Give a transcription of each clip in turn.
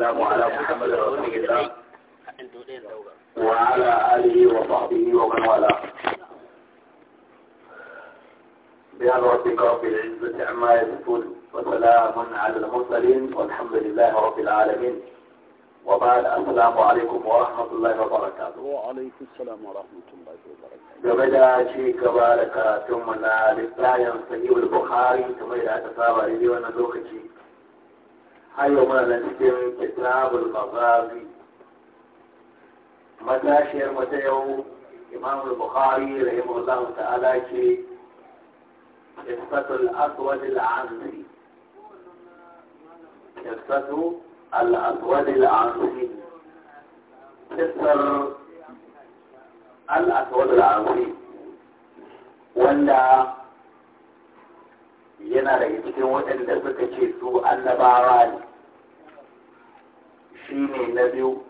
والسلام على محمد رسول الله وعلى آله وصحبه ومن والاه بأن ربك رب العزة عما يصفون وسلام على المرسلين والحمد لله رب العالمين وبعد السلام عليكم ورحمة الله وبركاته وعليكم السلام ورحمة الله وبركاته جبدا شيء ثم كراتم لله ينصيب البخاري ثم إذا تصابر لي ونزوك شيء hayo mana cikin kitabul maghazi matashiyar mata yau imam al-bukhari rahimahullahu ta'ala ce qissatul aswad al-ansi qissatu al-aswad al-ansi qissar al-aswad al-ansi wanda yana daga cikin waɗanda suka ce su annabawa ne shi na biyu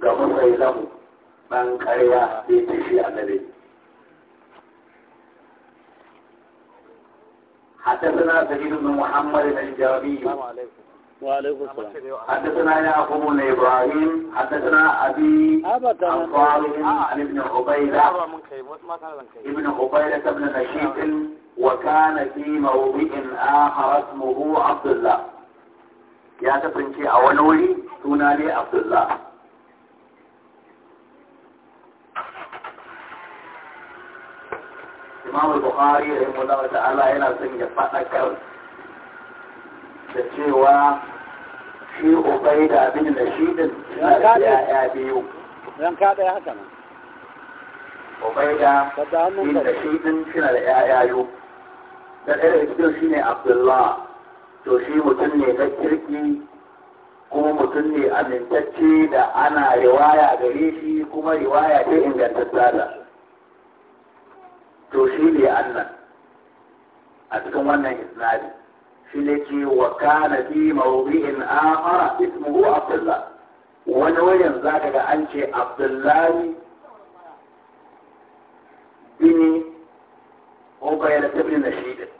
ga masai lamu ɗan da ya حدثنا سعيد بن محمد الجابي وعليكم السلام حدثنا يعقوب بن ابراهيم حدثنا ابي عن عن ابن عبيده ابن عبيده بن نشيط وكان في موضع اخر اسمه عبد الله ya kasance a wani wuri suna ne abdullah imam bukhari rahimahullah ta'ala yana son ya faɗakar da cewa shi ubai da bin nashidin suna da ya'ya biyu ranka ɗaya haka nan ubai da bin nashidin suna da ya'ya biyu da ɗaya da shi ne abdullah to shi mutum ne na kirki kuma mutum ne amintacce da ana riwaya gare shi kuma riwaya ta ingantatta da to shi ne annan a cikin wannan isnadi shi ne ce wa kana fi mawdi'in akhara ismuhu abdullah wani wajen za ka ga an ce abdullahi bini ko bayan na nashidin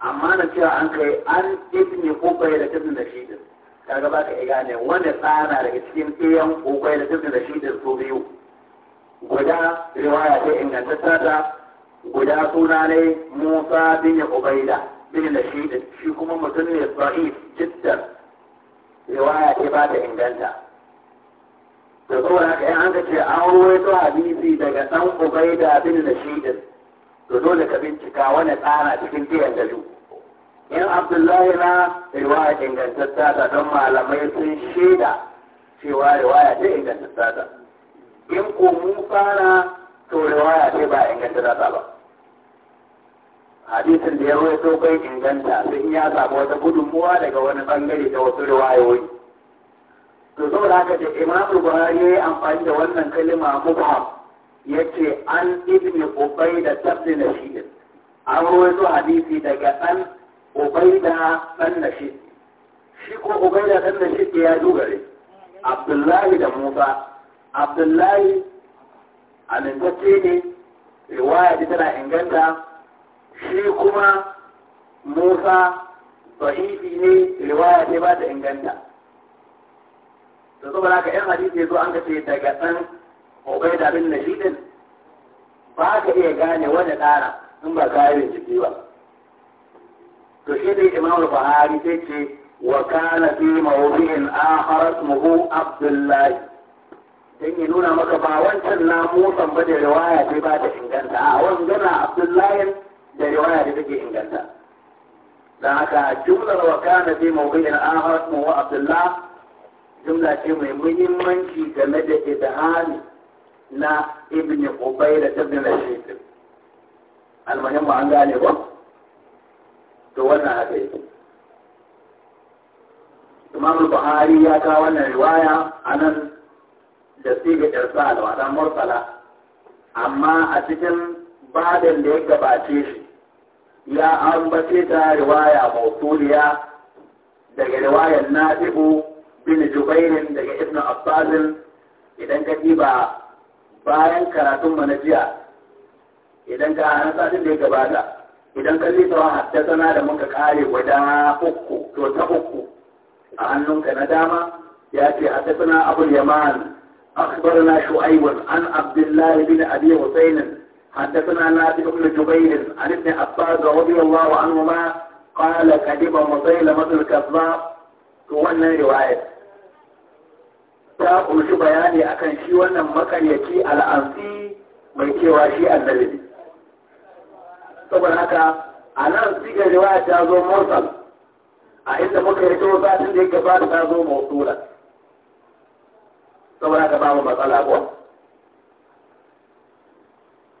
amma na cewa an kai an ibni kokwai da tafin da shi din kaga ba ka iya gane wanda tsara daga cikin ɗayan kokwai da tafin da shi din su biyu guda riwaya ta ingantatta ta guda suna ne musa bin ubaida bin da shi din shi kuma mutum ne sa'if jiddan riwaya ta ba ta inganta da saboda haka an ka ce an ruwaito hadisi daga dan ubaida bin da shi din to dole ka bincika wani tsara cikin biyan da gaju in abdullahi na riwaya ingantatta ta don malamai sun shaida cewa riwaya ta ingantatta ta in ko mu fara to riwaya ce ba ingantatta ta ba hadisin da ya so kai inganta sun in ya samu wata gudunmuwa daga wani bangare da wasu riwayoyi to saboda haka ce imam buhari ya yi amfani da wannan kalima mubham yace an ibn ubayda tabni nashid an rawaito hadisi daga dan ubaida dan nashid shi ko ubaida dan nashid ya dogare abdullahi da musa abdullahi amintacce ne riwaya ta tana inganta shi kuma musa sahihi ne riwaya ce ba ta inganta da saboda haka yan hadisi zo an ka ce daga ɗan. da abin nashidin ba ka iya gane wani tsara in ba ka yi ciki ba to shi ne imamul buhari sai ce wa kana fi mawdi'in akhar ismuhu abdullahi dan yi nuna maka ba wancan na namusan ba da riwaya ce ba ta inganta a gana abdullahi da riwaya da take inganta dan haka jumlar wa kana fi mawdi'in akhar ismuhu abdullahi jumla ce mai muhimmanci game da idhani na ibn ubayda ibn rashid almuhimmu an gane ba to wannan haka yake imam buhari ya kawo wannan riwaya anan da siga irsal wa dan mursala amma a cikin babin da ya gabace shi ya ambace ta riwaya mawsuliya daga riwayar nafi'u bin jubairin daga ibn abbas idan ka ba bayan karatun mu na jiya idan ka satin da ya gabata idan ka ji wa haddasana da muka kare guda uku to ta uku a hannunka na dama ya ce haddasana abul yaman أخبرنا شعيب عن عبد الله بن أبي حسين حدثنا نافع بن جبير عن ابن عباس رضي الله عنهما قال كذب مسيلمة الكذاب wannan رواية ta ƙunshi bayani akan shi wannan makaryaci al'amfi mai cewa shi annabi ne saboda haka a nan sigar riwaya ta zo mursal a inda muka yi to za da ya gabata ta zo mawsula. saboda haka mu matsala ko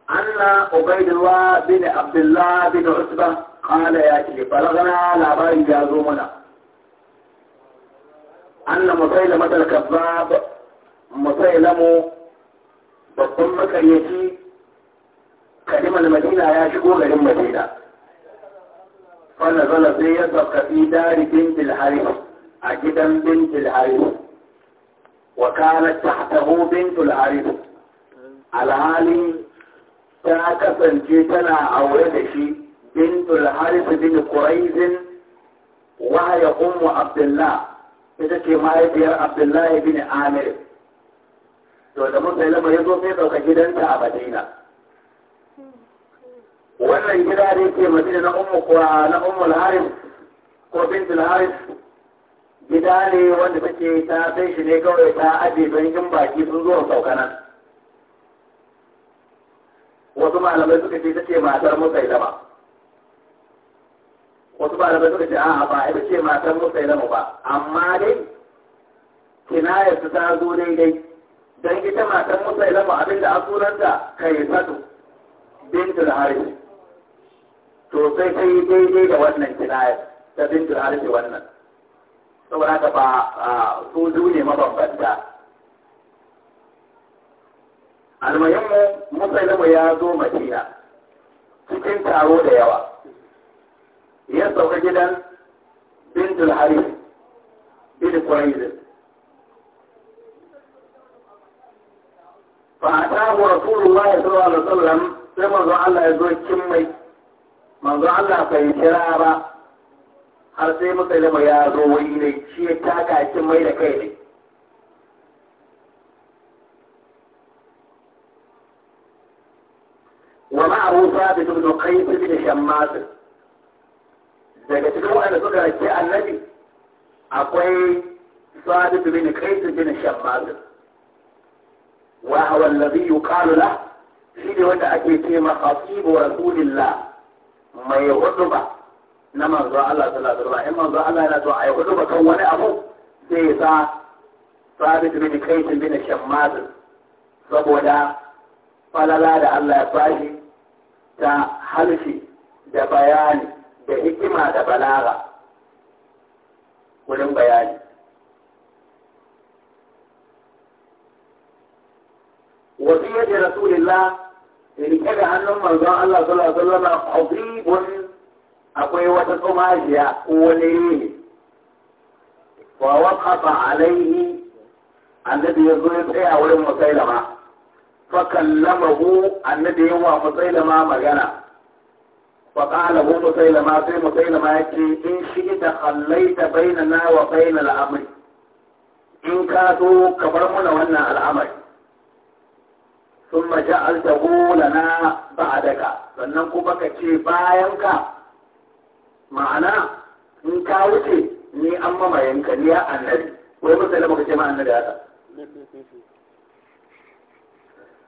anna ubaidullah bin abdullah bin usba qala ya ce balagana labarin ya zo mana أن مصيلة مدى الكباب مصيلة بطن مكريتي كلمة المدينة يا شكو يا مدينة فنزل سيد في دار بنت الحريم أجدا بنت الحريم وكانت تحته بنت الحريم العالي تاكسا جيتنا أوردشي بنت الحارث بن قريز وهي أم عبد الله ita ce mahaifiyar abdullahi bin amir to da yi ya zo sai ɗauka gidanta a madina wannan gida ne ke madina na umu kuwa na umu harim ko bintul harim gida ne wanda take ta sai shi ne kawai ta aje don yin baki sun zo sauka nan wasu malamai suka ce ta ce matar zama. wasu ba da suka ce a'a ba ita ce matan musa ya ba amma dai kinaya su ta zo daidai don ita matan musa zama abin da asuranta kai fatu bintul haris to sai ta yi daidai da wannan kinaya ta bintul haris wannan saboda haka ba su ne mabambanta almuhimmu musa ilamu ya zo madina cikin taro da yawa ya sauka gidan bintul harif bin quraiza fa atahu rasulullahi sallallahu alaihi wasallam sai manzo Allah ya zo kin mai manzo Allah bai kira ba har sai musulma ya zo wani ne shi ya taka kin mai da kai ne ومعه ثابت بن قيس بن شماس daga cikin waɗanda suka rake annabi akwai sadu bin kaisin bin shabbal wa huwa alladhi yuqalu la shi ne wanda ake ce ma khatibu rasulillah mai huduba na manzo Allah sallallahu alaihi wasallam in manzo Allah yana so ai huduba kan wani abu sai ya sa sa'adu bin kaisin bin shabbal saboda falala da Allah ya fashi ta halshi da bayani da hikima da balaga wurin bayani wasiyyar da rasulullah rike da hannun manzon Allah sallallahu alaihi wasallam qadibun akwai wata tsumajiya wani ne wa waqafa alaihi annabi ya zo ya tsaya wurin musailama fa kallamahu annabi ya wa musailama magana وقال هو مسيلمة سي مسيلمة يكي إن شئت خليت بيننا وبين الأمر إن كادوا كبرمنا وانا الأمر ثم جعلته لنا بعدك sannan kuma ka ce bayanka ma'ana in ka wuce ni an mamayenka ni ya annabi wai musulma ka ce ma annabi haka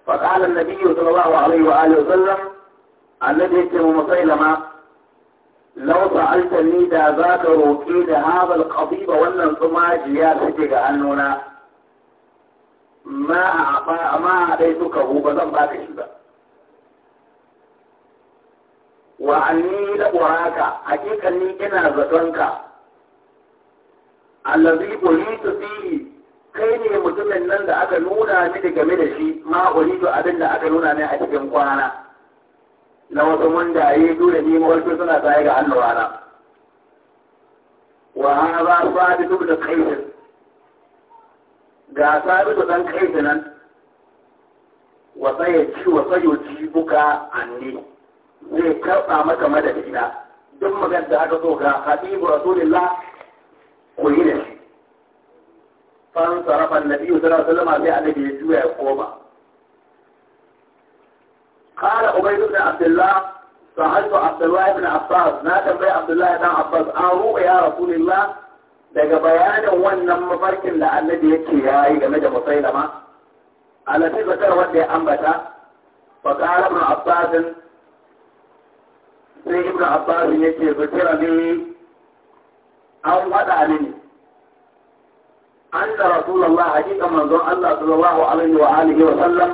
فقال النبي صلى الله عليه وآله وسلم annabi yake mu musailama law sa'altani da zaka ka roƙe da hadal qadiba wannan tsumajiya take ga hannuna ma a ma suka hu zan baka shi ba wa anni la uraka hakikan ni ina zatonka allazi uritu fihi kai ne mutumin nan da aka nuna ni game da shi ma uritu abin da aka nuna ni a cikin kwana na wasu yi dole ne mawarki suna tsaye ga hannu rana wa su ba da kaisin ga sabitu dan kaisinan wa tsayaci wa tsayoci buka ne. zai karɓa maka madadina duk magan da aka so ga habibu rasulillah ku yi da shi fan sarrafa nabi biyu alaihi wasallam sai annabi ya juya ya koma abdullah sa'altu abdullah ibn abbas na tambayi abdullah ibn abbas an ruwa ya rasulullah daga bayanin wannan mafarkin da annabi yake yayi game da musailama alati zakar wanda ya ambata fa qala ibn abbas sai ibn abbas yake zakira ne an wada mini أن رسول الله حقيقة منظور الله صلى الله عليه وآله وسلم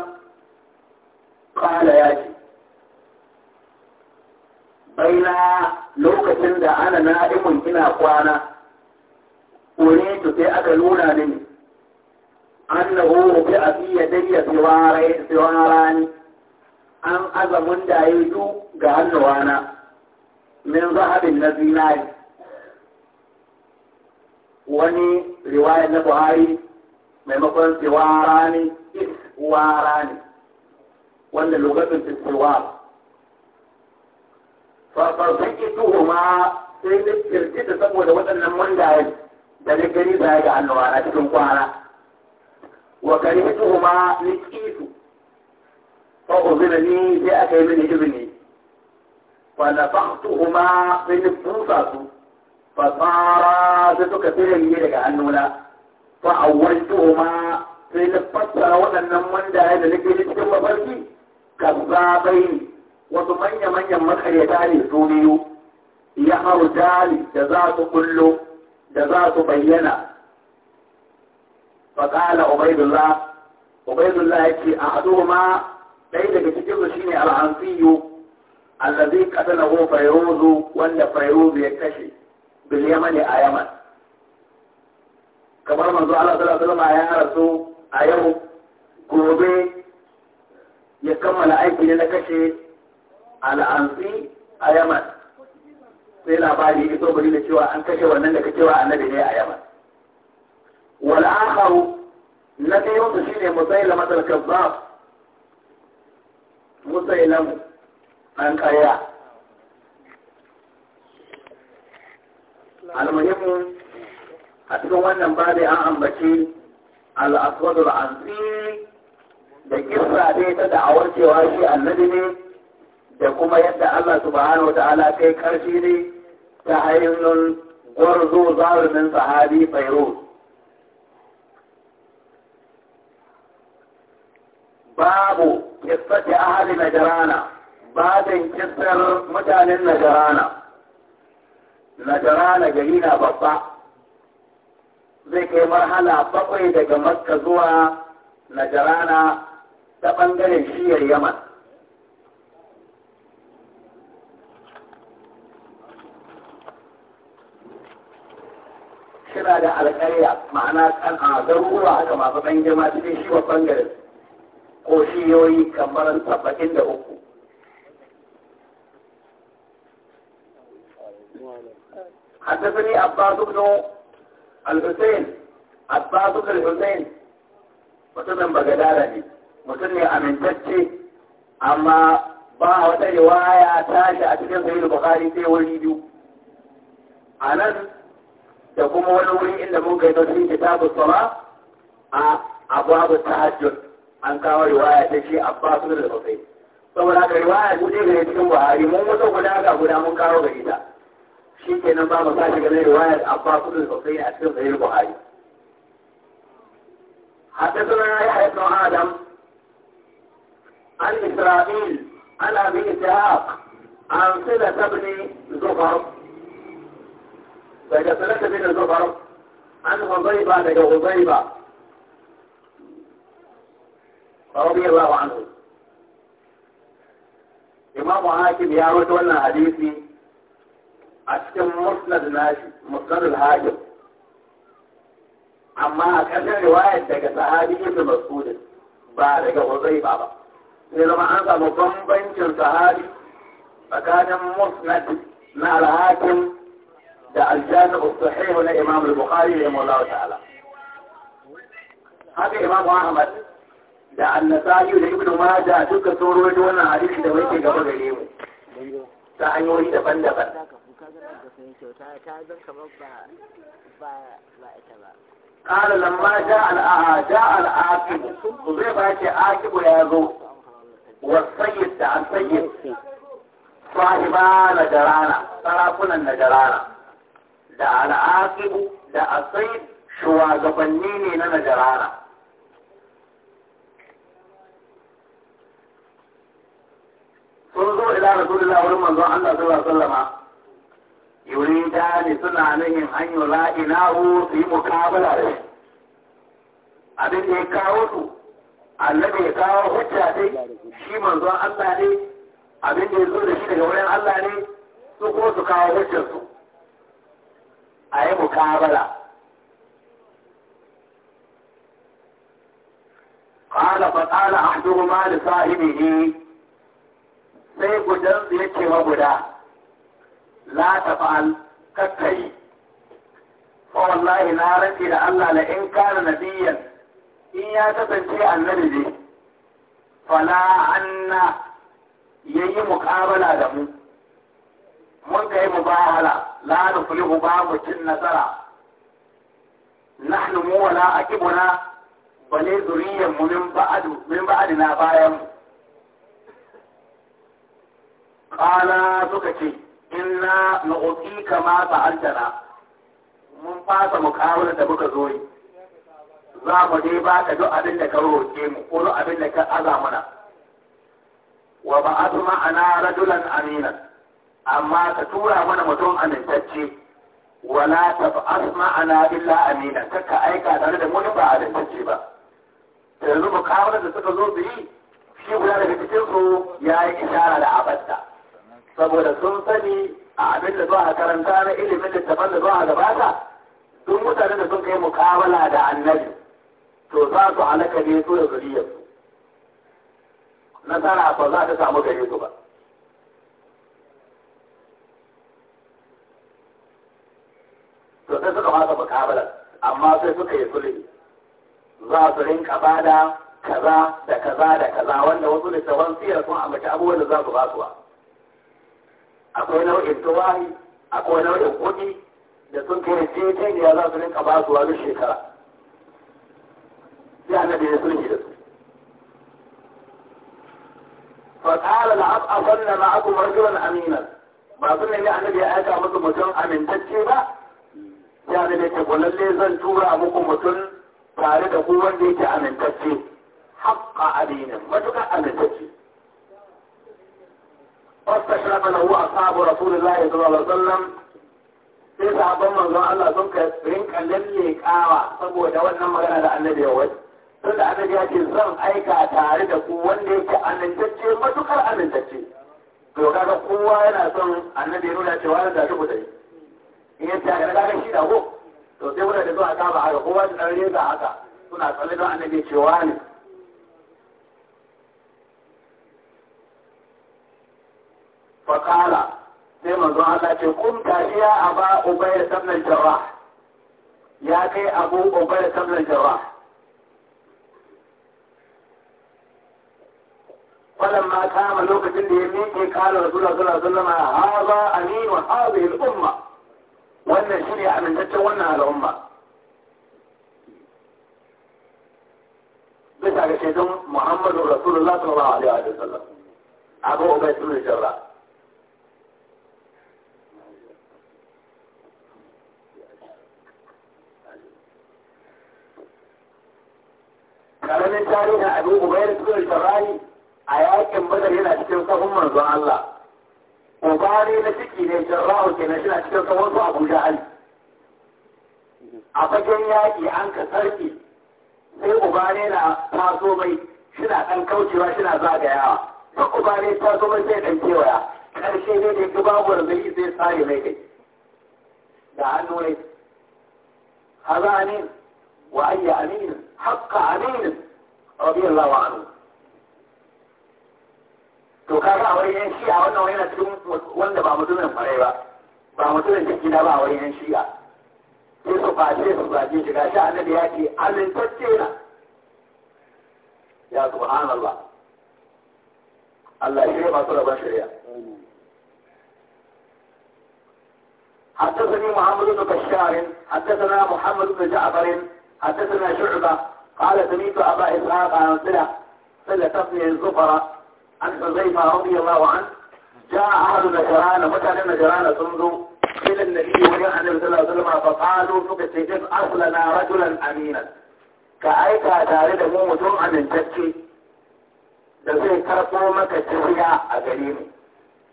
قال يا شيخ raina lokacin da ana na'imun ina kwana to sai aka nuna mini annahu bi abi yadayya ne. an azamun da yi du ga hannuwana min zahabin na zinari wani riwayar na buhari maimakon siwarani ne, wanda lokacin siwar farkon ituhu ma sai na kirkita saboda waɗannan mundaye da na gani baya ga annawa a cikin kwana wa karihtuhu ma ni kisu fa uzina ni sai aka yi mini izini fa na nafaqtuhu ma sai na busa su fa tsara sai suka tsirin daga hannuna fa awwaltuhu ma sai na fassara waɗannan mundaye da na gani cikin mafarki kazzabai wasu manya-manyan makaryata ne su biyu ya hau dali da za su kullo da za su bayyana faƙala ubaidullah ubaidullah ya ce a haɗo ma ɗaya daga cikin su shine al'ansiyu allazi qatalahu fayruzu wanda fayruzu ya kashe bil yamani a yaman kamar manzo Allah sallallahu alaihi wasallam ya rasu a yau gobe ya kammala aiki ne na kashe Al'amfi a yaman sai labari ya zo bari da cewa an kashe wannan da a annabi ne a yaman an akharu na biyun su shine musailama al kazzab musailamu an kaya al a cikin wannan babi an ambaci al da kissa dai ta da'awar cewa shi annabi ne da kuma yadda Allah subhanahu wata'ala kai karfi ne ta hanyar gwarzo zarumin sahabi Fairuz. Babu kissati ahli Najrana, babin kissar mutanen Najrana. Najrana gari na babba, zai kai marhala bakwai daga Makka zuwa Najrana ta ɓangaren shiyar Yaman. yana da alƙarya ma'ana kan a garuruwa haka masu ɗan girma cikin shi babban garin ko shiyoyi kamar saba'in da uku حدثني عباس بن الحسين عباس بن الحسين mutumin bagadara ne mutum ne amintacce amma ba wata riwaya tashi a cikin sahih bukhari sai wani biyu a nan da kuma wani wuri inda mun kai nasu kitabu sala a ababu tahajjud an kawo riwaya ta shi Abbas bin al-Husayn saboda ka riwaya mu ne ga cikin Buhari mun wata guda ga guda mun kawo ga ita shi kenan ba mu sashi ganin riwayar Abbas bin al-Husayn a cikin Sahih Buhari حدثنا يحيى بن آدم عن إسرائيل عن أبي إسحاق عن صلة بن زفر daga sanata bin zubar an huzaiba daga huzaiba radiyallahu anhu imam hakim ya rawaito wannan hadisi a cikin musnad nashi musnad al-hakim amma a ƙarshen riwayar daga sahabi ibn mas'ud ba daga huzaiba ba sai zama an samu bambancin sahabi tsakanin musnad na al-hakim ده الجامع الصحيح لإمام البخاري رحمه الله تعالى هذا إمام أحمد ده النسائي لابن ماجه duka sun rawaito wannan hadisi da muke gaba قال لما جاء جاء العاقب وزي باكي عاقب يا ذو والسيد عن السيد صاحبان نجرانا سراكنا نجرانا da al'aqibu da asai shugabanni ne na najarara sun zo ila rasulullah wurin manzon Allah sallallahu alaihi wasallama ne suna yin an la'ina ilahu su yi mukabala da shi abin da ya kawo su annabi ya kawo hujja dai shi manzon Allah ne abin da ya zo da shi daga wurin Allah ne su ko su kawo hujjar su a yi mukabala qala fa duk ahduhuma li sahibihi sai gudan ya ce wa guda la fa’al kakkai fa wallahi na rafi da Allah la in kana biyan. in ya kasance annabi ne fala anna yayi mukabala da mu mun kai mubahala la nuflihu ba cin nasara nahnu mu wala akibuna bale zuriyar mu min ba'adu min ba'adina bayan mu qala suka ce inna nu'tika ma sa'altana mun fasa mukawar da muka zo yi za mu dai ba ka duk abin da ka roƙe mu ko duk abin da ka aza mana wa ba'athu ma'ana rajulan aminan amma ka tura mana mutum amintacce wala ta asma ana illa amina ka aika tare da wani ba amintacce ba yanzu mukawalar da suka zo su yi shi guda daga cikin ya yi ishara da abatta saboda sun sani a abin da zuwa karanta na ilimin littafan da zuwa gabata duk mutane da sun kai mukawala da annabi to za su halaka ne su da zuriyarsu nasara ba za ta samu gare su ba to sai suka fasa mukabalar amma sai suka yi sulhi za su rinka bada kaza da kaza da kaza wanda wasu littafan siyar sun ambaci abubuwan da za su basuwa akwai nau'in tuwahi akwai nau'in kuɗi da sun kai jejeniya za su rinka basuwa duk shekara sai annabi ya sulhi da su فقال لأبعثن معكم رجلا أمينا ba sun nemi النبي ya aika musu mutum amintacce ba ya da ke kwallalle zan tura muku mutum tare da kuma da yake amintacce haƙa aminin matuƙa amintacce واستشرف له أصحاب رسول rasulun صلى الله عليه وسلم sai sabon manzon Allah sun ka rinka lalle leƙawa saboda wannan magana da annabi ya wai tunda annabi ya ce zan aika tare da ku wanda yake amintacce matuƙar amintacce to kaga kowa yana son annabi ya nuna cewa da shi ku tafi. in ya tare shi da ko to sai wanda da zuwa ta ba haka kowa da dan reza haka suna tsalle don annabi cewa ne fakala sai manzo Allah ce kun tafiya a ba ubayya sabnan jarrah ya kai abu ubayya sabnan jarrah فلما قام لوكتين دي ميكي قال رسول الله صلى الله عليه وسلم هذا wannan shi ne amintaccen wannan al'umma bisa ga shaidun muhammadu rasulullah sallallahu alaihi wa sallam abu ubai tuni jarra karamin tarihin abu ubai tuni jarra a yakin badar yana cikin sahun manzon allah uba na ciki ne jarra'u ke na shina cikin kan wasu abu jahali a fagen yaƙi an ka sarki sai uba na taso mai shina ɗan kaucewa shina zagayawa duk uba ta zo mai sai ɗan kewaya ƙarshe ne da ya babu yi zai tsare mai kai da hannu ne hazanin wa ayya aminin haƙƙa aminin rabiyallahu anhu to kaga a wurin yan shi'a wannan wani yana cikin wanda ba mutumin kwarai ba ba mutumin jiki na ba a wurin yan shi'a sai su face su face shiga shi annabi ya ce amintacce na ya subhanallah Allah shi ne masu rabon shari'a حدثني محمد بن بشار حدثنا محمد بن جعفر حدثنا شعبة قال سميت أبا إسحاق عن سلة سلة ابن الزفرة عن حذيفة رضي الله عنه جاء أحد نجران متى نجران تنظر إلى النبي وجاء النبي صلى الله عليه وسلم فقالوا سكتجب أصلنا رجلا أمينا كأيكا تارد مو جمعا من تكي لذي كرقوا مكة تفيا أكريم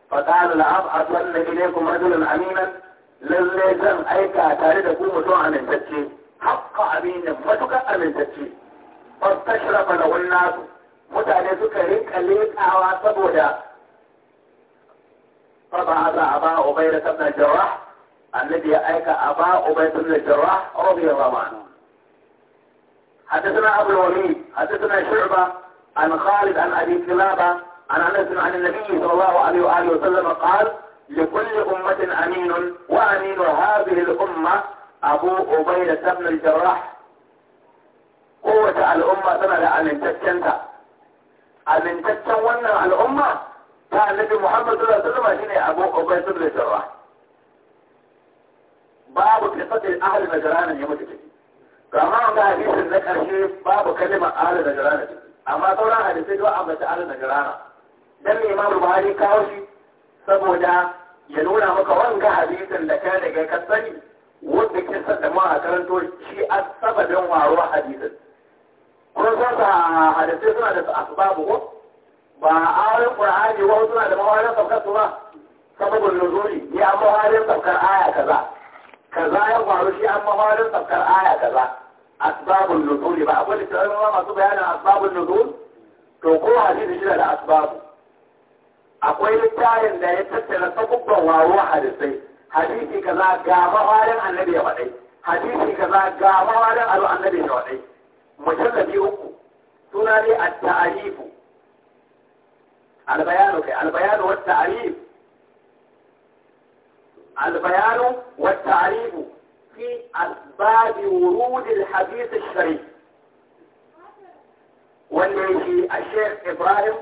فقال أصلنا إليكم رجلا أمينا لذي زم أيكا تارد مو جمعا من تكي حق أمين فتك أمين تكي فاستشرف له الناس mutane suka rinka leƙawa saboda faba za a ba ubai da sabna jarrah annabi ya aika a ba ubai sabna jarrah radiyallahu anhu حدثنا أبو الوليد حدثنا شعبة عن خالد عن أبي كلابة عن أنس عن النبي صلى الله عليه وآله وسلم قال لكل أمة أمين وأمين هذه الأمة أبو أبيدة بن الجراح قوة الأمة سنة أن تتكنت amintaccen wannan al'umma ta annabi Muhammad sallallahu alaihi wasallam shine Abu Ubay ibn Jarrah babu kisatil ahli najran ya mutu ciki an ga hadisin na karshe babu kalmar ahli najran amma sauran hadisai da ambata ahli najran dan Imam Buhari kawo shi saboda ya nuna maka wanga hadisin da kai daga kasani sani wanda kisa da mu a karanto shi a sababin waruwar hadisin ko san ka hadisai suna da asbabu ko ba ayoyin qur'ani ba suna da mawarin saukar su ba sababin nuzuli ni an mawarin saukar aya kaza kaza ya faru shi an mawarin saukar aya kaza asbabun nuzuli ba akwai littattafai ma masu bayanin asbabun nuzul to ko hadisi shi da asbabu akwai littafin da ya tattara sabubban waruwa hadisai hadisi kaza ga mawarin annabi ya faɗai hadisi kaza ga mawarin annabi ya faɗai مجلدي أكو تنادي التعريف البيان البيان والتعريف البيان والتعريف في أسباب ورود الحديث الشريف والنيشي الشيخ إبراهيم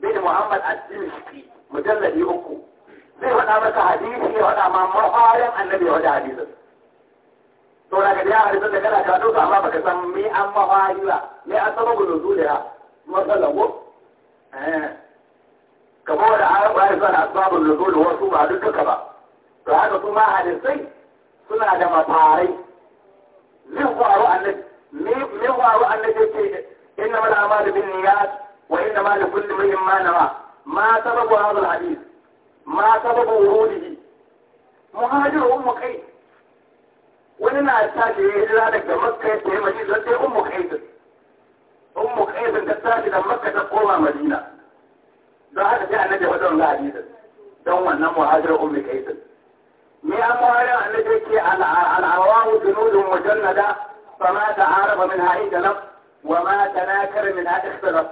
بن محمد الدمشقي مجلد يؤكو ليه هنا مثل حديثي هنا ما مرحا يم أنه بيهود حديثه to daga da yawon da kana karatu ba amma baka san me an mafari ba me an saba gudu zuliya matsalan ko eh. kamar da an ba su na asbabun nuzul wasu ba duk duka ba to haka kuma hadisai suna da mafarai min faru annabi min faru annabi ce inna mal a'malu bin niyyat wa inna ma li kulli imrin ma nawa ma sababu hadha al hadith ma sababu wurudihi muhajiru ummu kai suna tashi ya hijira daga makka ya tafi madina sai ummu qais ummu qais ta tashi da makka ta koma madina don haka sai annabi wadan ga hadisi don wannan muhajir ummu qais me an muhajir annabi ke al-awawu junudun mujannada fama ta'araba minha idalab wa ma tanakara minha ikhtilaf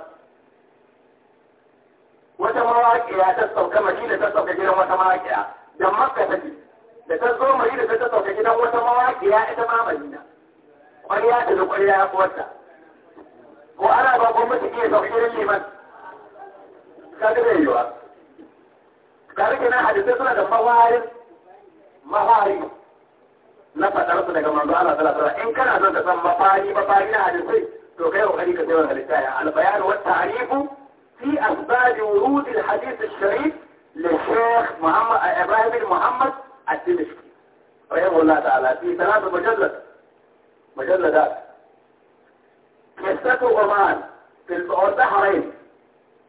wata mawaƙiya ta sauka madina ta sauka gidan wata mawaƙiya da makka take da ta zo madina ta sauka gidan wata mawaƙiya ita ma madina ƙwarya da da ƙwarya a kuwarta ko ana ba ko mutu iya sauka gidan liman ka ga zai yiwa ka rike na hadisai suna da mawarin mawari na faɗar su daga manzo Allah sallallahu alaihi wasallam in kana son ka san mafari mafari na hadisai to kai kokari ka sai wannan littafi al-bayan wa ta'rifu في أسباب ورود الحديث الشريف للشيخ محمد إبراهيم بن محمد الدمشقي رحمه الله تعالى في ثلاثة مجلد مجلدات قصة عمان في البحرين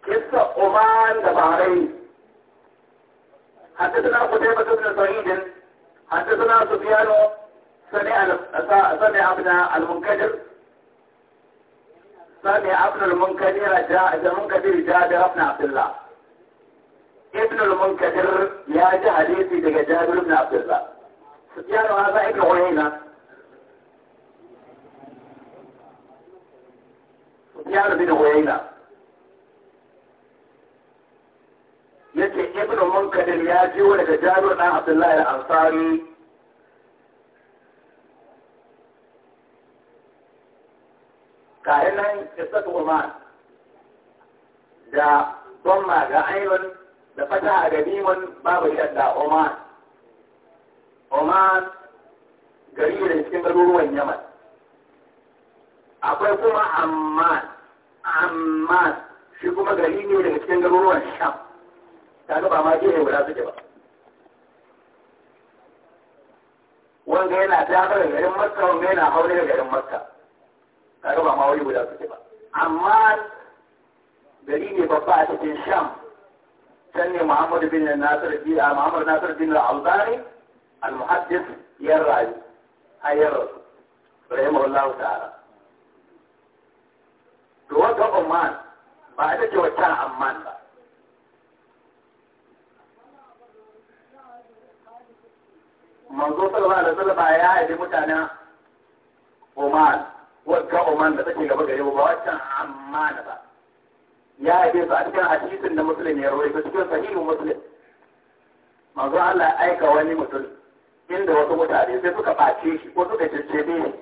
قصة عمان البحرين حدثنا قتيبة بن سعيد حدثنا سفيان سمع سمع ابن المنكدر سمع ابن المنكدر جاء المنكدر جابر بن عبد الله ibn al ya ji hadisi daga jabir ibn abdullah sufyan wa za ibn uyayna sufyan ibn uyayna yace ibn munkadir ya ji daga jabir dan abdullah al-ansari kayan nan kisatu umar da don ga ainihin da fataha da biman babu shadda Oman Oman gari da cikin garuruwan Yaman akwai kuma Amman Amman shi kuma gari ne daga cikin garuruwan Sham ta ba ma gehe guda suke ba wanda yana tafi da garin Makka wanda yana haure da garin Makka ta ba ma wuri guda suke ba Amman gari ne babba a cikin Sham سني محمد بن ناصر الدين آه، محمد ناصر الدين العلباني المحدث يرعي هاي رحمه الله تعالى دوات عمان بعد جوتان عمان بقى manzo sallallahu alaihi wasallam ya haifi mutanen Oman wadda Oman da take gaba gare ba ba ya haife su a cikin hadisin da muslim ya rawaito cikin sahihu muslim manzo Allah ya aika wani mutum inda wasu mutane sai suka ɓace shi ko suka cece ne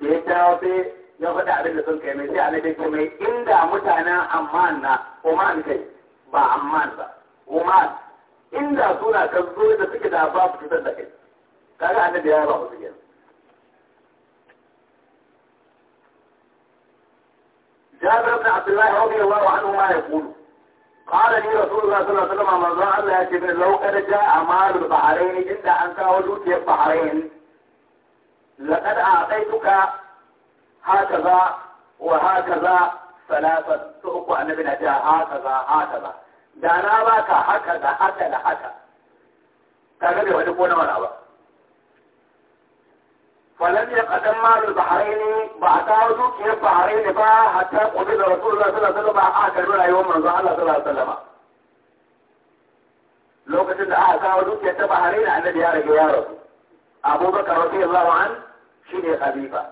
da ya dawo sai ya faɗi abin da sun kai mai sai annabi ce mai inda mutanen amman na Oman kai ba amman ba Oman inda suna kan zo da suke da ba su fitar da kai kaga annabi ya ba su kenan جابر بن عبد الله رضي الله عنهما يقول قال لي رسول الله صلى الله عليه وسلم مرة الله يجب لو قد جاء مال البحرين عند أن تولوت البحرين لقد أعطيتك هكذا وهكذا ثلاثة سوق أن ابن جاء هكذا هكذا دانا باك هكذا هكذا هكذا كذا بيقول ولا ولم يقدم مال البحرين بعد دوكير البحرين با حتى قبل رسول الله صلى الله عليه وسلم آخر من يوم من الله صلى الله عليه وسلم lokacin da aka kawo dukiyar ta Bahrain annabi ya rage yaro Abu Bakar radiyallahu an shine khalifa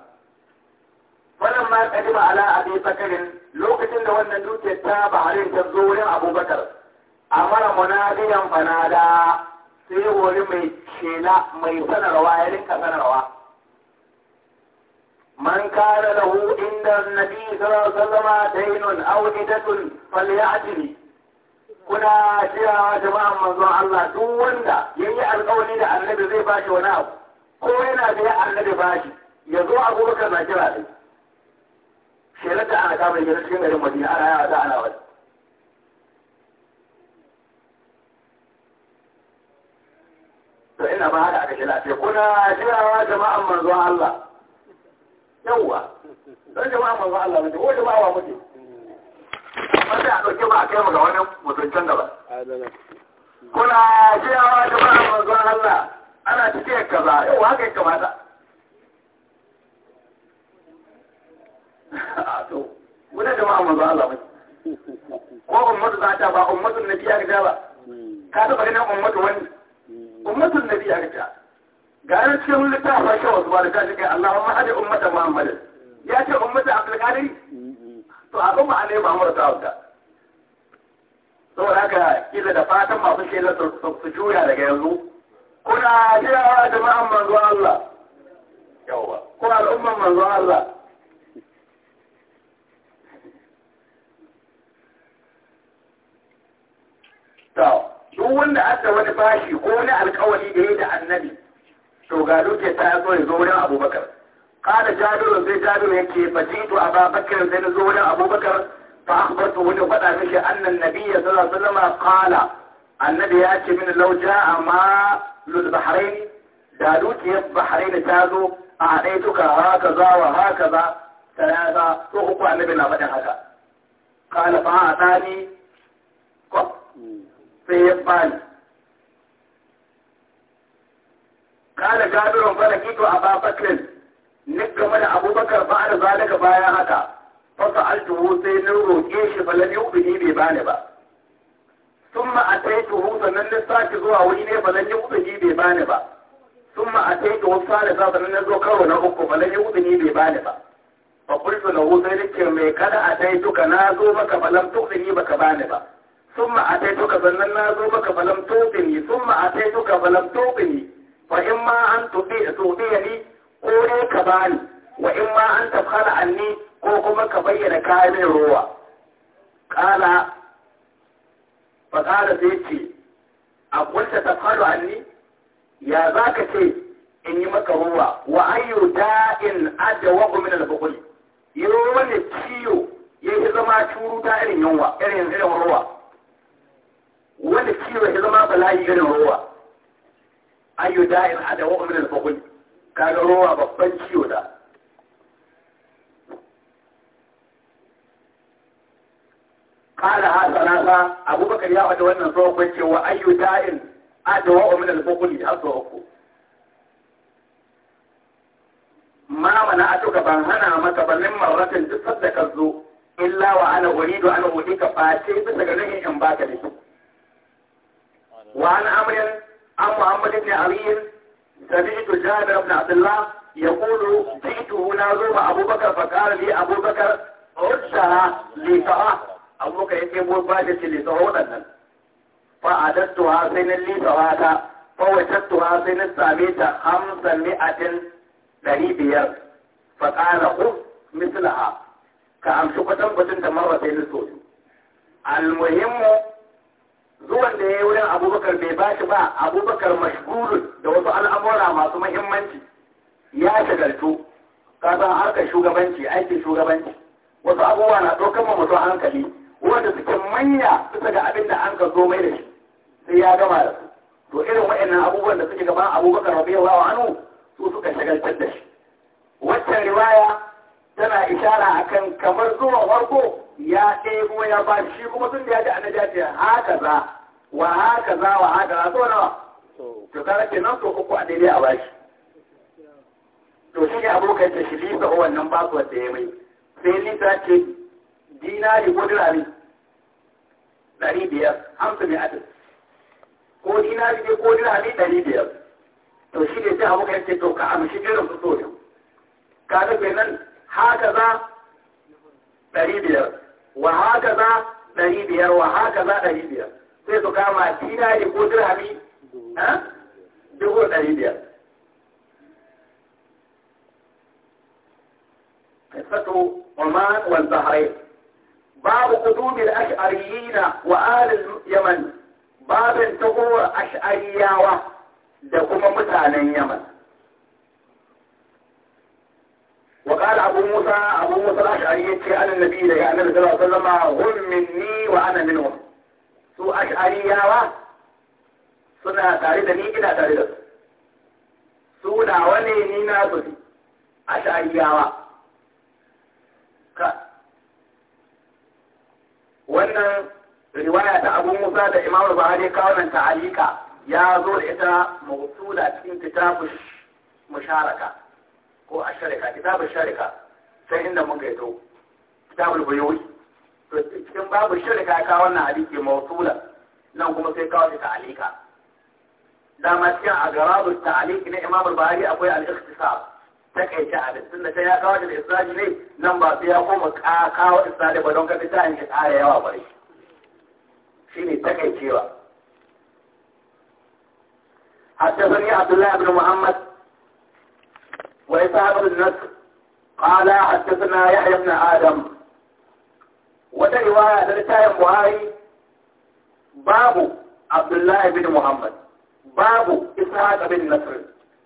wannan ma kadima ala Abi Bakr lokacin da wannan dukiyar ta Bahrain ta zo wurin Abubakar. A mara munadiyan fanada sai wani mai shela mai sanarwa ya rinka sanarwa من كان له عند النبي صلى الله عليه وسلم دين أو عدة kuna cewa jama'an manzon Allah duk wanda yayi alƙawari da annabi zai bashi wani abu ko yana da ya annabi bashi ya zo abubakar na kira dai shelar da ana kama yana cikin garin madina ana yawa da ana wani to ina ba haka aka shela kuna jama'an manzon Allah yawwa don jama'a manzo Allah mutum ko jama'a wa mutum amma sai a ɗauke ba a kai mu ga wani mutuncin da ba kuna jiyawa jama'a manzo Allah ana cikin kaza yau haka ya kamata to muna jama'a manzo Allah mutum ko ummatu za ta ba ummatun nabi ya ga ba hmm. ka taɓa ganin ummatu wani hmm. ummatun nabi ya ga قال لكم لتعب شوز ولكاشك اللهم هذه أمة محمد يا شيخ أمة عبد القادر فأقوم عليهم أمر تعودها saboda haka kila da fatan masu shelar su juya daga yanzu kuna jirawa jama'an manzo Allah yawa ko al'umman manzo Allah to duk wanda adda wani bashi ko wani alkawari da ya da annabi to ga duke ta ya zo ya zo wurin abubakar kada jabiru sai jabiru yake fajitu ababakar sai na zo wurin abubakar fa akhbartu wani faɗa mishi annan nabiyya sallallahu alaihi wasallam qala annabi ya ce min law jaa ma lul bahrain da dukiyar bahrain ta zo a haɗaituka haka za wa haka za talata ko uku annabi na faɗin haka qala fa atani ko sai ya bani kala jabirun falakitu a bakrin ni game da abubakar ba da zalika bayan haka fa sa'altuhu sai na roƙe shi falan ne bai bani ba a summa ataituhu sannan na sake zuwa wuri ne falan yu'bini bai bani ba summa ataituhu salisa sannan na zo karo na uku falan ne bai bani ba fa qultu lahu sai nake mai kada a ataituka na zo maka balam falan tu'bini baka bani ba summa ataituka sannan na zo maka balam falan tu'bini summa ataituka falan tu'bini wa in ma an tuɗe tuɗe ni ko dai ka bani wa in ma an tafkala ni ko kuma ka bayyana kayan min ruwa kala fa kala ce a kunta tafkala anni ya za ka ce in yi maka ruwa wa ayyu da'in adwa min al-bukhli yau wani ciwo ya yi zama curuta irin yunwa irin irin ruwa wani ciwo ya zama bala'i irin ruwa an da'in adawa wa al bukul kaga ruwa babban ciwo da قال هذا أبو بكر يا أدوان a وأي داء أدواء من البخل الزوق ما منعتك بنهنا مك بنم مرة تصدق الزو إلا وأنا أريد أن أهديك فاتي بسجنه إن باك لي وعن أمر عن محمد بن علي سمعت جابر بن عبد الله يقول جئت هنا روم أبو بكر فقال لي أبو بكر لي لساعة أبو بكر يقول مو باجة لساعة فعددتها لي لساعة فوجدتها سنه السامية خمس مئة دريبير فقال خذ مثلها كأمشقة بتنت مرة بين المهم zuwan da ya yi wurin abubakar bai ba shi ba abubakar mashgulu da wasu al'amura masu mahimmanci ya shagaltu ka harkar shugabanci aikin shugabanci wasu abubuwa na ɗaukar ma mutum hankali wanda suke manya bisa ga abin da an ka zo mai da shi sai ya gama da su to irin waɗannan abubuwan da suke gaban abubakar rabi yawa wa anu su suka shagaltar da shi waccan riwaya tana ishara akan kamar zuwa farko ya kuma ya ba shi kuma tun da ya ji annabi ya ce haka za wa haka za wa haka za so nawa to kaga nan to uku a daidai a bashi to shi ne abokan ta shi lisa wannan basu wanda ya mai sai lisa ce dinari ko dirami ɗari biyar hamsin ne adin ko dinari ne ko dirami ɗari biyar to shi ne sai abokan ce to ka amshi jiran su so ne kaga nan. za ɗari biyar wa za ɗari biyar wa za ɗari biyar sai su kama dinari ko dirhami dubu ɗari biyar قصة عمان والبحرين باب قدوم الأشعريين yaman, اليمن باب تقوى da kuma mutanen yaman. وقال أبو موسى أبو موسى الأشعري يتي أنا النبي لك النبي صلى الله عليه وسلم هم مني وأنا منهم su ash'ariyawa suna tare da ni ina tare da su su na wane ni na su ne ash'ariyawa ka wannan riwaya ta abu musa da imam buhari kawo nan ya zo da ita mawsula cikin kitabun musharaka ko a sharika kitabun sharika sai inda mun gaito kitabul buyuwi to cikin babu ya ka wannan aliki mausula, nan kuma sai kawo ta alika dama cikin agarabu aliki na Imam al-Bukhari akwai al-ikhtisar ta abin da sai ya kawo da isra'i ne nan ba sai ya koma kawo isra'i ba don ka fita in tsara yawa ta kai cewa حدثني عبد الله بن محمد وإسحاق بن نصر قال حدثنا يحيى بن آدم وتروي رواية البخاري باب عبد الله بن محمد باب إسحاق بن نصر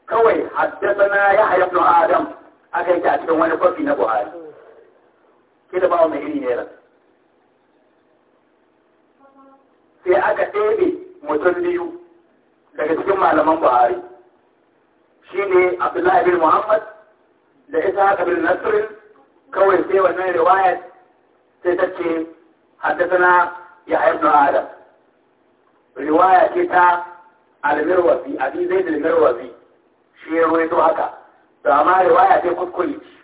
كوي حدثنا يحيى بن آدم أكيد جاءت من في نبوهاي كده باو مهيني هيرا في أكا تيبي إيه متنديو لكي تكون معلمان بهاري شيني عبد الله بن محمد لإسهاك بن نصر كون في وإنه رواية تتكي حدثنا يحيى ابن آدم رواية كتا على المروفي أبي زيد المروفي شيء ويتو هكا فأما رواية في قد كليش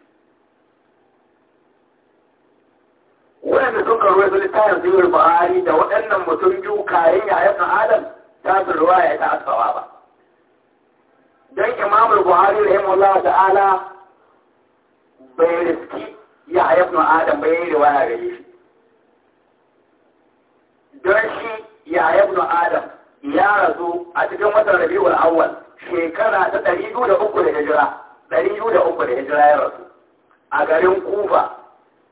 ولم يتوقع رويته لتاين زيور البغاري ده وإنما تنجو كارين يحيى ابن آدم تاتوا الرواية تاعت بابا don imamul buhari rahimahullah ta'ala bai riski ya hayaf na adam bai yi riwaya gare shi don shi ya hayaf na adam ya rasu a cikin watan rabi'ul awwal shekara ta ɗari biyu da uku da hijira ɗari biyu da uku da hijira ya rasu a garin kufa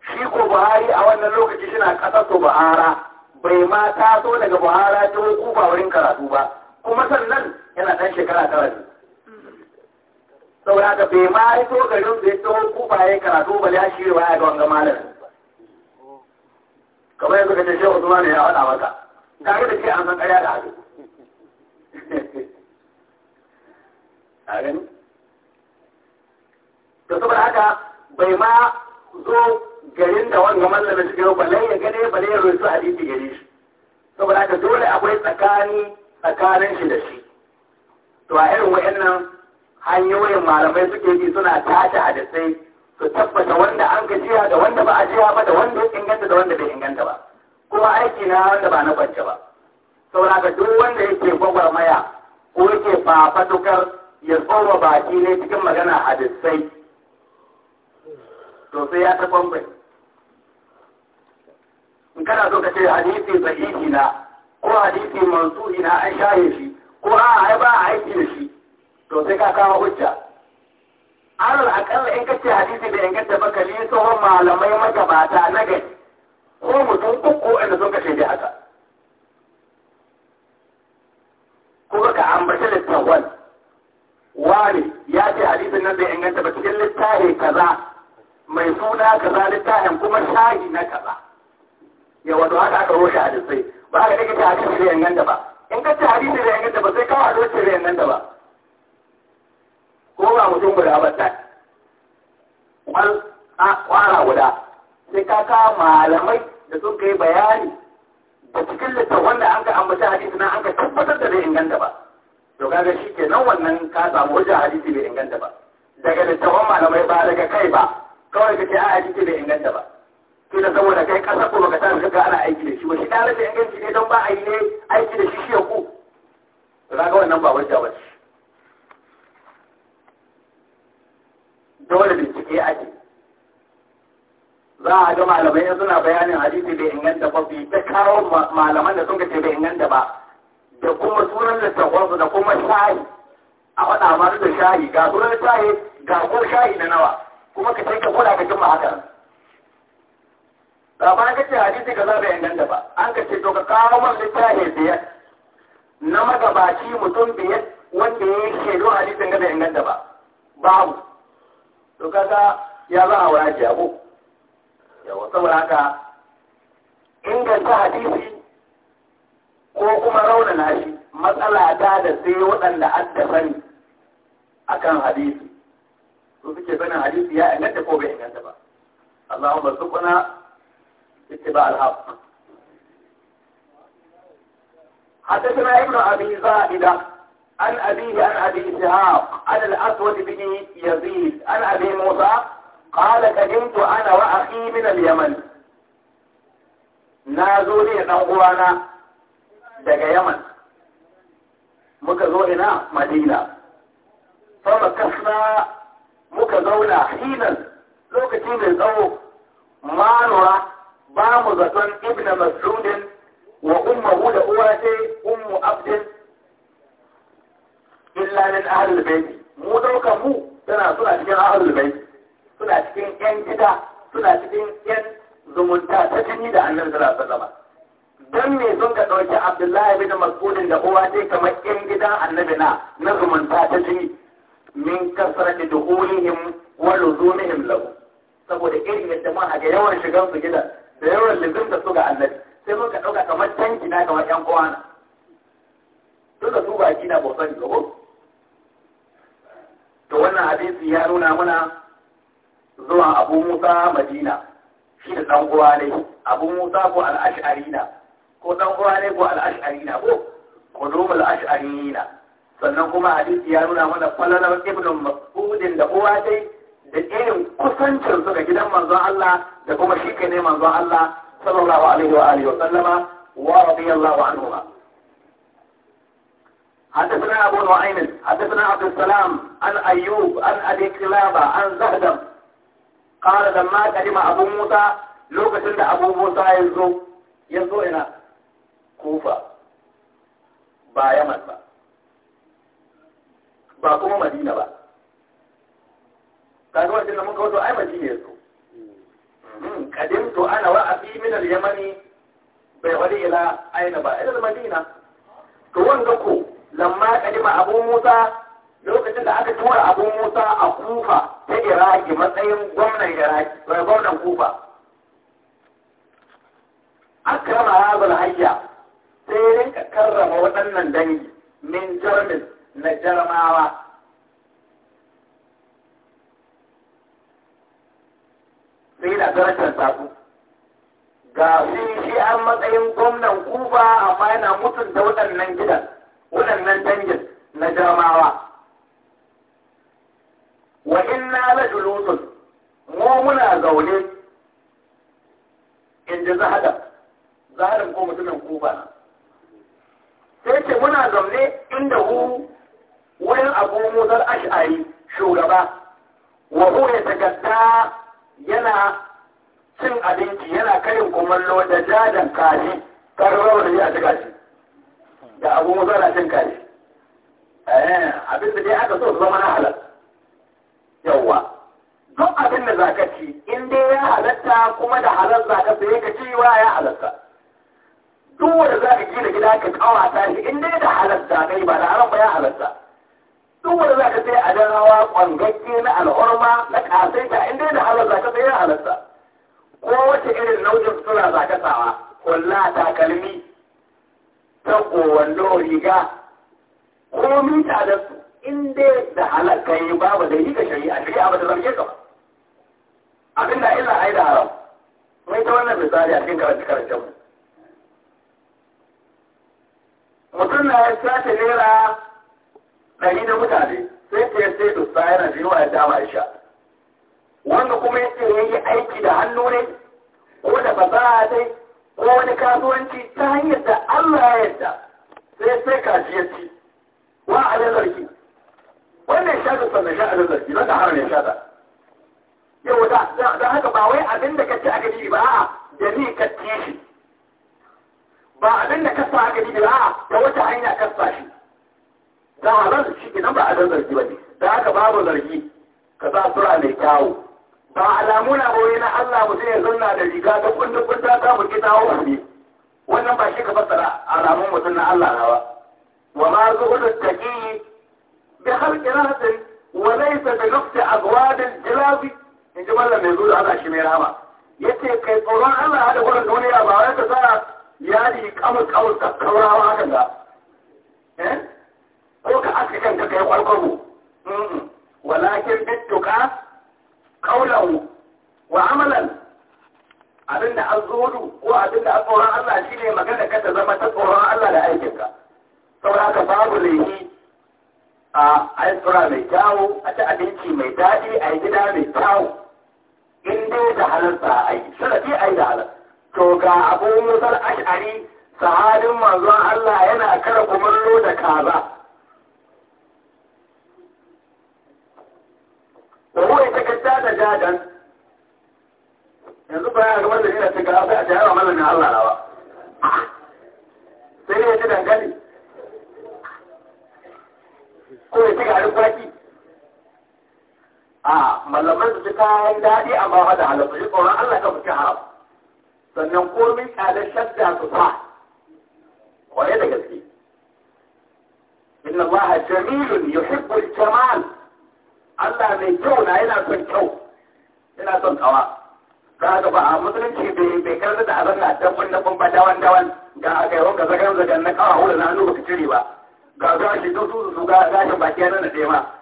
shi ko buhari a wannan lokaci shina ƙasar su buhara bai ma taso daga buhara ta kufa wurin karatu ba kuma sannan yana ɗan shekara tara ne saboda ka bai ma yi to garin bai to kufa ya karatu ba ya shi ba ya ga wanga malam kamar yanzu ka ce shehu Usman ya faɗa maka tare da ce an san ƙarya da hadu a gani to saboda haka bai ma zo garin da wanga mallamin shi ba lai ya gane ba lai ya rusu hadisi gare shi saboda haka dole akwai tsakani tsakanin shi da shi to a irin wa'annan hanyoyin malamai suke bi suna tace hadisai su tabbata wanda an gajiya da wanda ba a jiya ba da wanda ya inganta da wanda bai inganta ba kuma aiki na wanda ba na kwance ba saboda duk wanda yake gwagwarmaya ko yake fafatukar ya tsoma baki ne cikin magana hadisai to sai ya ta kwamfai in kana so ka ce hadisi sahihi na ko hadisi mansuhi na an shaye shi ko a ba a aiki da shi to sai ka kama hujja alal akalla in kace hadisi bai inganta ba kali tsohon malamai magabata na gari ko mutum uku inda sun kace da haka kuma ka ambaci littafin wani ya ce hadisin nan bai inganta ba cikin littafin kaza mai suna kaza littafin kuma shahi na kaza ya wato haka aka roshe hadisai ba ka dake ta hadisi bai inganta ba in kace ce hadisi bai inganta ba sai ka hado ce bai inganta ba ko ba mutum guda ba ta wal kwara guda sai ka ka malamai da sun kai bayani da cikin littafin da an ka ambata hadisi na an ka tabbatar da bai inganta ba to kaga shi ke nan wannan ka samu wajen hadisi bai inganta ba daga littafin malamai ba daga kai ba kawai ka ce a hadisi bai inganta ba ke da saboda kai kasa ko baka tana kaga ana aiki da shi ba shi da rashin inganci ne don ba a yi ne aiki da shi shi ya ku to kaga wannan ba wajen ba ce dole bincike ake za a ga malamai yanzu suna bayanin hadisi bai inganta ba bi ta kawo malaman da sun ce bai inganta ba da kuma sunan littafin da kuma shayi a faɗa masu da shayi ga sunan shayi ga kuma shayi da nawa kuma ka sai ka kula ka cimma hakan ba ba ce hadisi za bai inganta ba an ka ce to ka kawo man shayi biyar na magabaci mutum biyar wanda ya yi shaidu hadisin ga bai inganta ba babu to kaga ya ba aure wani jago yawa saboda haka inganta hadisi ko kuma raunana shi matsala ta da sai waɗanda an da sani akan hadisi su suke sanin hadisi ya inganta ko bai inganta ba Allahumma suqna ittiba ba alhaf حدثنا ابن ابي زائده عن ابيه عن ابي اسحاق عن الأسود بن يزيد عن أبي موسى قال قدمت أنا وأخي من اليمن نازولي نوغوانا دقى يمن مكزوئنا مدينة فمكثنا مكزونا حينا لو كتير الزو ما نرى بام زتن ابن مسعود وأمه لأواتي أم عبد illa min ahlul baiti mu dauka mu tana suna cikin ahlul baiti suna cikin yan gida suna cikin yan zumunta ta jini da annabi sallallahu alaihi wasallam dan me sun ka dauki Abdullahi bin Mas'ud da uwa ce kamar yan gidan annabi na na zumunta ta jini min kasrati duhulihim wa luzumihim lahu saboda irin yadda mun haga yawan shigan su gida da yawan lizin da su ga annabi sai mun ka dauka kamar tanki na kamar yan uwana duk da su baki na bautan gabo to wannan hadisi ya nuna mana zuwa abu musa madina shi da ɗan uwa ne abu musa ko al'ash'arina ko ɗan uwa ne ko al'ash'arina ko kudum al'ash'arina sannan kuma hadisi ya nuna mana falalar ibn mas'udin da uwa dai da irin kusancin su ga gidan manzon Allah da kuma shi kai ne manzon Allah sallallahu alaihi wa alihi wa sallama wa radiyallahu anhu حدثنا أبو نعيم حدثنا عبد السلام عن أيوب عن أبي كلابة عن زهدم قال لما كلم أبو موسى lokacin da abubuwan sa ya zo ya zo ina kufa ba yaman ba ba kuma madina ba kaga wajen da muka wato ai madina ya zo kadimtu ana wa abi min al-yamani bai wali aina ba madina to wanda ko lamma kalima abu musa lokacin da aka tura abu musa a kufa ta iraki matsayin gwamnan iraki gwamnan kufa akrama hazal hayya sai rinka karrama waɗannan dangi min jarmin na jarmawa sai na darajar sabu ga shi shi an matsayin gwamnan kufa amma yana mutunta waɗannan gidan waɗannan dangin na jamawa wa inna la julusun mu muna zaune in ji zahada zahadan ko mutumin kuba sai ce muna zaune inda hu wurin abu musar ash'ari shugaba wa hu ya tagatta yana cin abinci yana karin kumallo da jajan kaji karbar da ya ci kaji da abu mu na cin kare eh, abin da dai aka so su zama na halal yawwa duk abin da zaka ci in dai ya halatta kuma da halal zaka sai ka ci wa ya halatta duk wanda za ka gina gida ka ta shi in dai da halatta kai ba da haram ba ya halatta duk wanda za ka sai a dan hawa na al'urma na kasaita in dai da halal zaka sai ya halatta ko wace irin nau'in suna za ka sawa takalmi sako wando riga ko mita da su in dai da halakka yi babu da yi ga shari'a shari'a ba ta zarge ka abin da illa ai da haram mai ta wannan misali a cikin karanta karanta mu mutum na ya sace naira ɗari na mutane sai ta yi sai dusta yana da yawa ya dama ya sha wanda kuma ya ce ya yi aiki da hannu ne ko da fasaha dai ko wani kasuwanci ta hanyar da Allah ya yarda sai sai kashi ya ci wa alin zarki wannan shaɗa sannan sha alin zarki ba da harin shaɗa yau da don haka ba wai abin da ka ci a gari ba a da ni ka ci shi ba abin da ka sa a gari ba a da wata hanya ka sa shi da halar shi ke nan ba a zarki ba ne da haka babu zargi ka za sura mai kyawu ba alamuna na boye na Allah mutum ya zanna da riga da kundin kunda ta mu kita hawa ne wannan ba shi ka fassara alamun mutum na Allah na ba wa ma zuhudu taqi bi khalqi rahatin wa laysa bi nafsi azwad al-jilab in ji mallam mai zuwa Allah shi mai rama yace kai tsoron Allah da wannan duniya ba wai ka sa yadi kamar kamar ka kaurawa hakan ga eh ko ka aka kanka kai kwalkwabo walakin ka? qawlahu wa amalan abinda an zuhudu ko abinda an tsoron Allah shi shine magana ka ta zama ta tsoron Allah da aikinka saboda haka babu laifi a aisura mai kyawu a ci abinci mai daɗi a gida mai kyawu in dai da halarta a yi sharafi a yi da halarta to ga abu musal ash'ari sahadin manzon Allah yana kara kumallo da kaza to mu ita ka tada jadan yanzu bayan ga wanda yana cika sai a ce yawa malamin Allah rawa sai ya ci dangane ko ya ci garin kwaki a malaman su ci kayan daɗi amma ba da halatta shi tsoron Allah ka fuki haram sannan komin tsadar shadda su sa kwaye da gaske inna Allah jamilun yuhibbul jamal Allah mai kyau na yana son kyau yana son kawa za haka ba a musulunci bai bai karanta da abin da dabban dabban ba dawan dawan ga a kai wanga zagan zagan na kawa hula na hannu ka cire ba ga gashi duk su su ga gashin baki yana da tema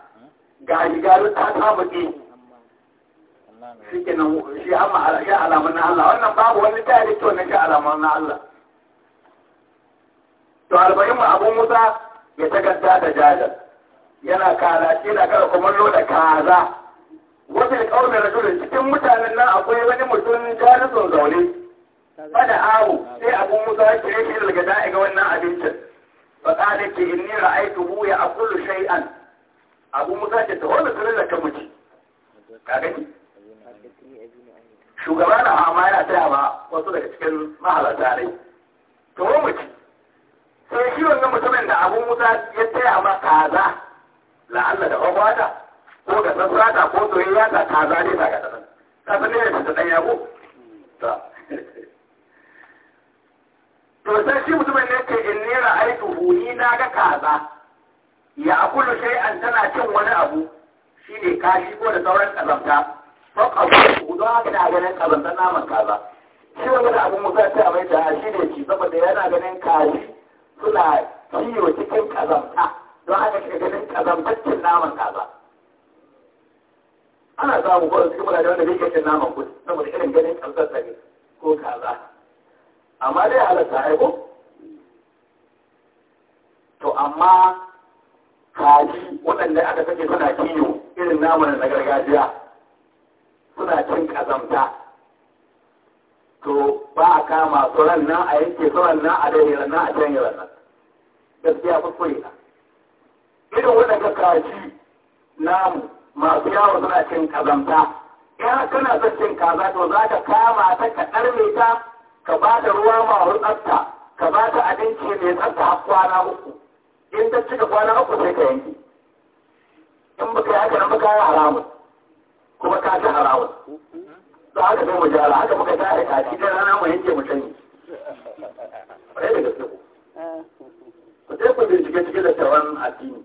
ga shiga ta ta baki shi shi amma ya alamun na Allah wannan babu wani yi kyau na shi alamun na Allah to albayin mu abu musa ya takarda da jajar yana kaza shi na kada kumallo da kaza wajen kaunar rajulun cikin mutanen nan akwai wani mutum jalisun zaune bada awu sai abin musa ya kire shi daga da'i ga wannan abincin Ba kada ke inni ra'aytuhu ya akulu shay'an abu musa ce ta wani sunan da ka muci ka gani shugaba na hama yana taya ba wasu daga cikin mahalarta ne to mu ci sai shi wannan mutumin da abu musa ya taya ma kaza la'alla da kwakwata ko da sassata ko soyayya ta kaza ne ta gasa ka san ne ta dan yago to sai shi mutumin ne ke in ni ra'aytuhu ni na ga kaza ya akulu shay'an tana cin wani abu Shi ne kashi ko da sauran kazanta fa abu don haka da ganin kazanta naman kaza shi wani da abin musa ta mai da shi ne ci saboda yana ganin kashi suna ciwo cikin kazanta don haka ka ganin kazantaccen naman kaza ana samun ko cikin mutane wanda bai cin naman kudi saboda irin ganin kazantar ne ko kaza amma dai halatta ai ko to amma kaji waɗanda aka sake suna kiyo irin naman na gargajiya suna cin kazamta to ba a kama su nan a yanke su nan a daidai nan a canye nan gaskiya kuskure na irin waɗanda kaji namu masu yawo suna cin kazanta ya kana son cin kaza to za ka kama ta ka ɗarme ta ka ba ta ruwa masu tsafta ka ba ta abinci mai tsafta har kwana uku in ta cika kwana uku sai ka yanke in baka yi haka nan baka yi haramun kuma ka ci haramun to haka sai mu jara haka muka tare kaji da rana mu yanke mu Ba ɗaya da gaske ku ah. ku sai ku bincike cike da sauran addini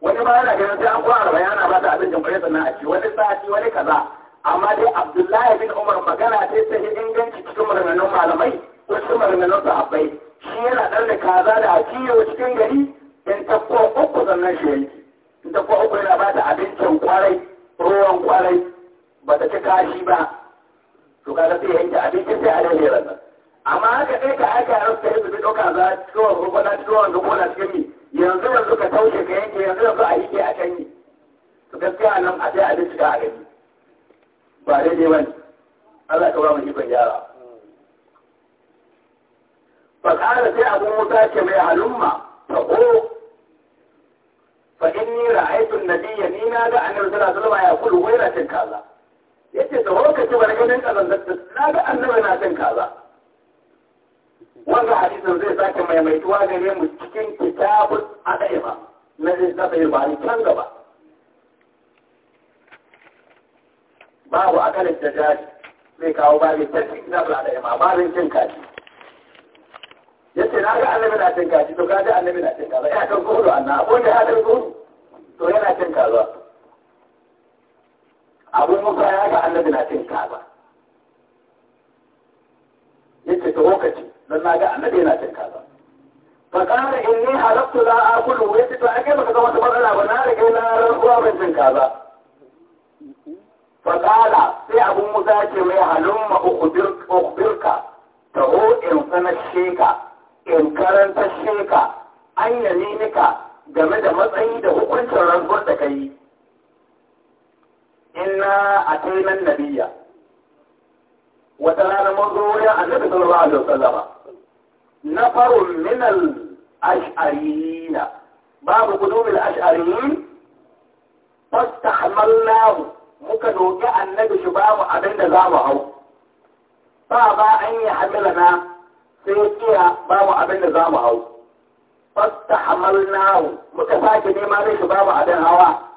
wani ma yana ganin sai an da bayana ba ta abin jamhuriyar sannan a ce wani sati wani kaza amma dai abdullahi bin umar magana ce ta yi inganci cikin maganganun malamai ko cikin maganganun sahabbai shi yana ɗan da kaza da a akiyo cikin gari in tafko uku sannan shi yanki in tafko uku yana ba ta abincin kwarai ruwan kwarai ba ta ci kashi ba to kaga sai yanke abincin sai a daidai ranar amma haka ɗaya ka aika yaran sai su bi ɗauka za cikin wani rukuna cikin wani rukuna cikin mi yanzu yanzu ka taushe ka yanke yanzu yanzu a yi ke a canyi to gaskiya nan a sai a shiga a gani ba dai-dai ba ne Allah ka ba mu ikon gyara fa kala sai abun musa ce mai halumma fa ko fa inni ra'aytu an-nabiyya ni na ga annabi sallallahu alaihi wasallam ya kulu wairatin kaza yace da haka ce bar ganin kazan na ga annabi na cin kaza wannan hadisin zai sake maimaituwa gare mu cikin kasa yi ba can gaba babu a kanin da jari zai kawo babin tafi na bula da yamma babin cin kaji ya ce na ga annabi na cin kaji to kaji annabi na cin kaza ya kan kuhuru anna ko da ya kan kuhuru to yana cin kaza abun musa ya ga annabi na cin kaza ya ce ta lokaci don na ga annabi na cin kaza فقال إني حلقت لا أكل ويتي فأكي بكتما تبرع بنار إلا رنقوا من تنكابا فقال في أبو موسى كوي هلم أخبرك أخبرك تهو إن سنة الشيكة إن كرنت الشيكة أن يمينك game da matsayi da hukuncin rantsuwar da ka yi inna a tainan nabiya wata rana mazo wurin annabi sallallahu alaihi wasallam na farun minal أشعريين باب قدوم الأشعريين فاستحملناه مكدو جاء النبي شباب أبن دزامه فأبا أن يحملنا سيكيا باب أبن دزامه فاستحملناه مكفاك نيما لي شباب أبن هوا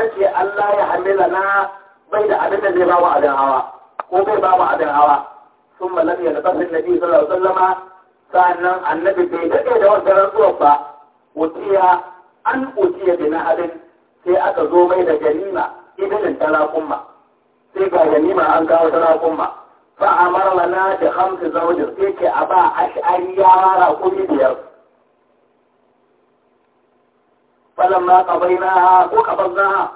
رجي أن لا يحملنا بين أبن دزامه أبن هوا وبين باب أبن هوا ثم لم يلبس النبي صلى الله عليه وسلم sannan annabi bai daɗe da wata rantsuwar ba utiya an utiya da na halin sai aka zo mai da ganima idanin talakunma sai ga ganima an kawo talakunma fa amara lana da hamsu zaune sai ke a ba ash'ariyawa rakumi biyar falon na ha ko ha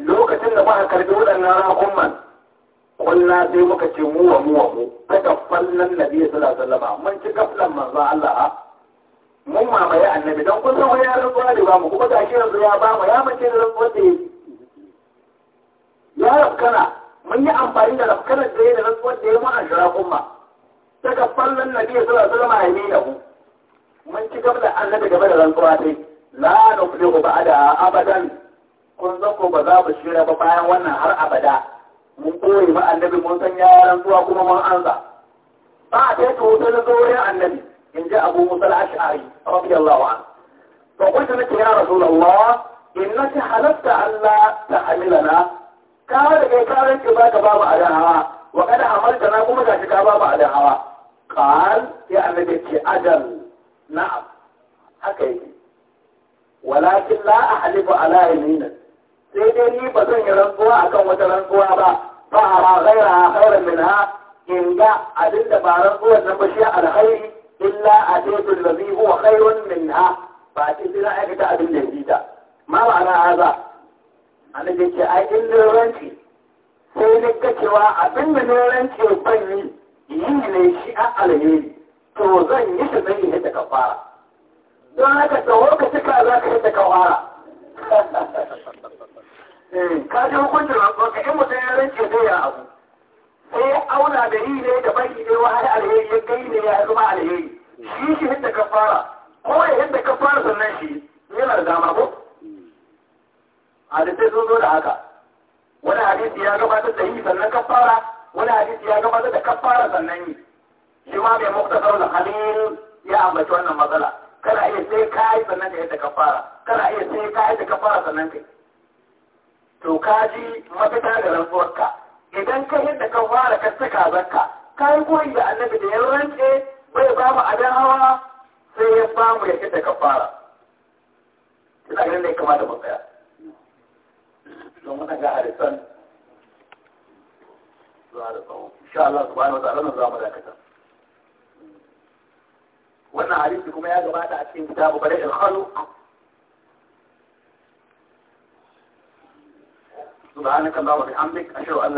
lokacin da ba a karbi waɗannan rakuman kulla sai muka ce mu wa mu wa mu daga fallan nabi sallallahu alaihi wasallam mun ci kaflan manzo Allah mun mamaye annabi dan kun san ya rantsuwa da ba mu kuma gashi yanzu ya ba mu ya mace da rantsuwa da ya rafkana mun yi amfani da rafkanar da ya da rantsuwa da ya mu an shira kuma daga fallan nabi sallallahu alaihi wasallam ya nuna mu mun ci kaflan annabi game da rantsuwa dai la nuflihu ba'da abadan kun zako ba za mu shira ba bayan wannan har abada mun koyi ba annabi mun san yaran zuwa kuma mun ansa ba a kai hoto na zuwa annabi in ji abu musa al-ash'ari radiyallahu anhu fa qultu laka ya rasulullah innaka halatta alla ta'amilana ka da kai ka rike baka babu adahawa wa kada amalta na kuma gashi ka babu adahawa qal ya annabi ce ajal na'am haka yake walakin la ahlifu ala yaminan sai dai ni ba zan yi rantsuwa a kan wata rantsuwa ba ba a ma gaira a khairan min ha in ga abin da ba rantsuwar nan ba shi illa a tekun da zai huwa hairun min ha ba a cikin na aikata abin da ya ta ma ma'ana haza na ce a in ranci sai ne cewa abin da ranci ban yi yi ne shi a alheri to zan yi shi zan yi ta kafara don haka tsawo ka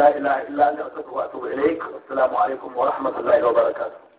لا إله إلا أنت أتوب إليك والسلام عليكم ورحمة الله وبركاته